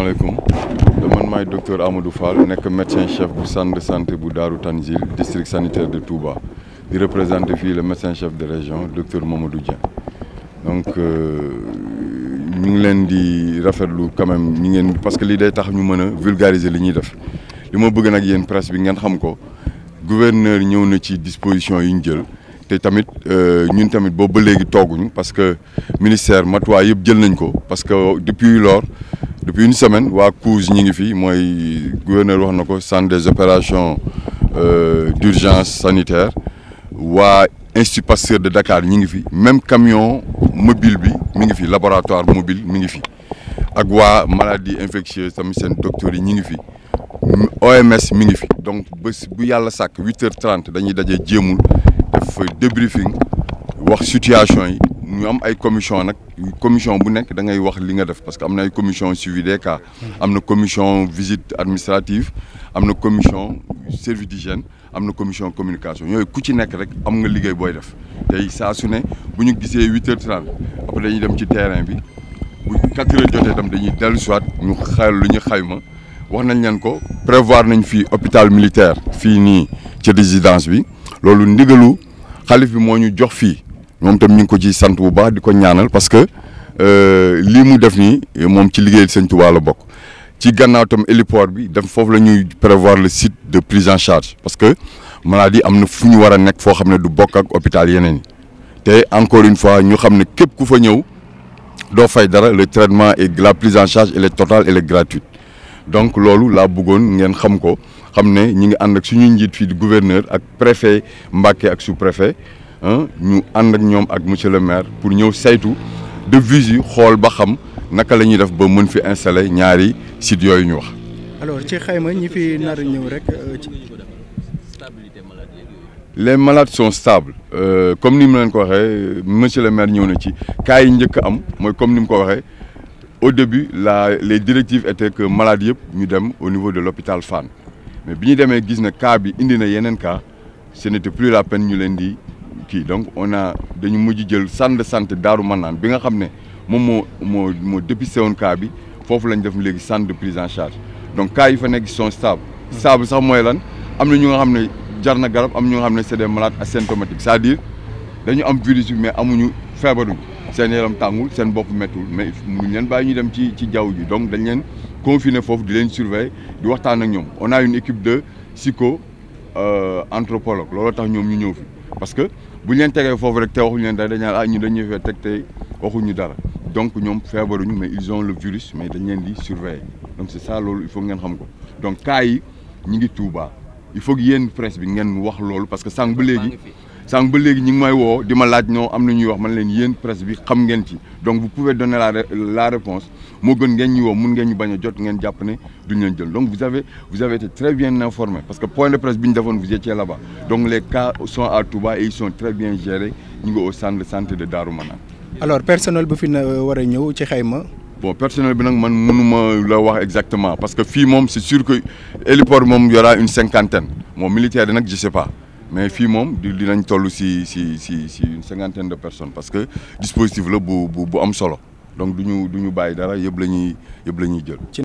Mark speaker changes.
Speaker 1: maaleykum man maay docteur Amadou Fall nekk médecin chef bu sante de santé bu Daaru Tanzil district sanitaire de Touba di représenté fii le médecin chef de région docteur Mamadou Dieng donc euh, ñu ngi leen di rafetlu quand même ñu ngeen parce que lii day tax ñu mën a vulgariser li ñuy def li ma bëgg nag yéen presse bi ngeen xam ko gouverneur ñëw na ci disposition yi ñu jël te tamit euh, ñun tamit boobu ba léegi tooguñu parce que ministère matuwaay yëpp jël nañ ko parce que depuis lors depuis une semaine waa COUS ñi ngi fi mooy gouverneur wax na ko sant des opérations euh, d'urgence sanitaire waa Institut Pasteur de Dakar ñi ngi fi même camion mobile bi mi ngi fi laboratoire mobile mi ngi fi ak waa maladie infectieuse tamit seen docteurs yi ñi ngi fi OMS mi ngi fi donc bés bu yàlla sàkk huit trente dañuy dajee jéemul def débriefing wax situation yi ñu am ay commission nag commission bu nekk dangay wax li nga def parce que am na ay commission suivi des cas am na commission visite administrative am na commission service d'hygiène am na commission communication yooyu ku ci nekk rek am nga liggéey booy def tey saa su ne bu ñu gisee huit heures trente après dañuy dem ci terrain bi bu quatre heures tam dañuy dellu soit ñu lu ñu xayma wax nañ leen ko prévoir nañ fii hôpital militaire fii nii ci résidence bi loolu ndigalu xalif bi moo ñu jox fii moom tam ñu ngi ko ci sant bu baax di ko ñaanal parce que euh, lii mu def nii moom ci liggéey Sëñ Tuubaa la bokk ci gannaaw tam héliport bi dem foofu la ñuy prévoir le site de prise en charge parce que maladie am na fu ñu war a nekk foo xam ne du bokk ak hôpital yeneen yi te encore une fois ñu xam ne képp ku fa ñëw doo fay dara le traitement et la prise en charge elle est totale elle donc loolu laa bëggoon ngeen xam ko xam ne ñu ngi ànd ak suñu njiit fii gouverneur ak préfet Mbacké ak sous ñu ànd ak ñoom ak monsieur le maire pour ñëw saytu de visu xool ba xam naka la ñuy def ba mën fi installer ñaari sites yooyu ñu wax. alors ci xayma ñi fi nar a ñëw rek. Euh, les malades sont stables euh, comme ni mu leen ko waxee monsieur le maire ñëw na ci cas yi njëkk am mooy comme ni mu ko waxee au début la les directives étaient que malades yëpp ñu dem au niveau de l'hôpital Fann mais bi ñu demee gis na cas bi indi na yeneen cas ce n'était plus la peine ñu leen di kii donc on a dañu mujj jël centre de santé Daaru Manaan bi nga xam ne moom moo moo moo dépisté woon cas bi foofu lañ def léegi centre de prise en charge donc cas yi fa nekk son stables. stable sax mooy lan am na ñu nga xam ne jar na garab am ñu nga xam ne c'est des malades asymptomatiques cest saa dire dañu am virus bi mais amuñu feebaruñu seen yaram tàngul seen bopp mettul mais mënuñ leen bàyyi ñu dem ci ci jaww ji donc dañ leen confiner foofu di leen surveiller di waxtaan a ñoom on yu une équipe de psycho euh, anthropologue looloo tax ñoom ñu ñëw fi. parce que bu ñu tegee foofu rek te waxuñu leen dara dañu naan ah ñun dañuy fee teg te waxuñu dara donc ñoom feebaruñu mais ils ont le virus mais dañ leen di surveiller donc c' est loolu il faut ngeen xam ko donc cas yi ñu ngi Touba il faut que yéen bi ngeen wax loolu parce que sànq ba léegi sànq ba léegi ñi ngi may woo di ma laaj ñoo am na ñuy wax man leen yéen presse bi xam ngeen ci donc vous pouvez donner la réponse moo gën ngeen ñu woo mun ngeen ñu bañ a jot ngeen jàpp ne duñ leen jël donc vous avez vous avez été très bien informé parce que point de presse bi ñu defoon vous étiez là-bas donc les cas sont à Touba et ils sont très bien gérés ñu ngi au centre de santé de Darou Manane. alors personnel bu fi na euh, war a ñëw ci xayma. bon personnel bi nag man mënuma la wax exactement parce que fii moom c'est sûr que moom y aura une cinquantaine moom militaire nag je sais pas. mais fii moom di dinañ toll si si si si une cinquantaine de personnes parce que dispositif la bu bu bu am solo donc du ñu du ñu bàyyi dara yëpp la ñuy yëpp la ñuy jël.